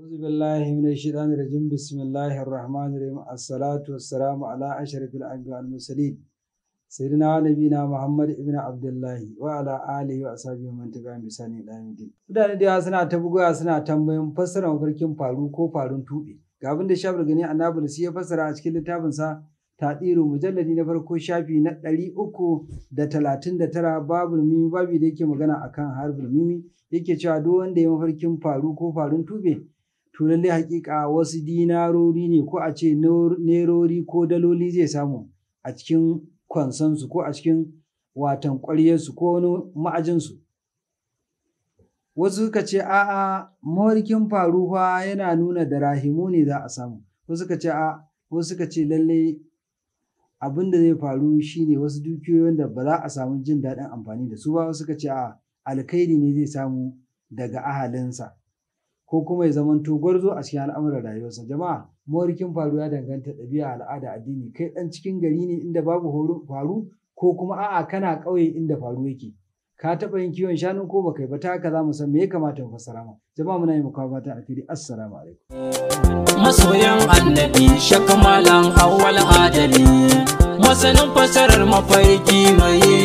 أعوذ بالله من الشيطان الرجيم بسم الله الرحمن الرحيم الصلاة والسلام على أشرف الأنبياء والمرسلين سيدنا نبينا محمد ابن عبد الله وعلى آله وأصحابه من تبعهم بإحسان إلى يوم الدين. Mutane da yawa suna ta bugowa suna tambayin fassarar mafarkin faru ko farun tuɓe. Ga abin da Shafir Gani Annabi su ya fassara a cikin littafinsa Tadiru mujalladi na farko shafi na ɗari uku da talatin da tara babu da yake magana akan harbul yake cewa duk wanda ya mafarkin faru ko farun tube to lallai hakika wasu dinarori ne ko a ce nerori ko daloli zai samu a cikin kwansansu ko a cikin watan ƙwaryarsu ko wani ma'ajinsu wasu suka ce a'a mawarkin faruwa yana nuna da rahimu ne za a samu wasu suka ce a wasu suka ce lallai abin da zai faru shine wasu dukiyoyin da ba za a samu jin daɗin amfani da su ba wasu suka ce a alkhairi ne zai samu daga ahalinsa ko kuma ya zamanto gwarzo a cikin al'amuran rayuwarsa jama'a mawarikin faru ya danganta ɗabi'a al'ada addini kai ɗan cikin gari ne inda babu faru ko kuma a'a kana ƙauye inda faru yake ka taɓa yin kiwon shanu ko ba kai ba ta haka za mu san me ya kamata mu fassara ma jama'a muna yi muka fata fili assalamu alaikum masoyan annabi shakamalan awwal adali masanin fasarar mafarki mai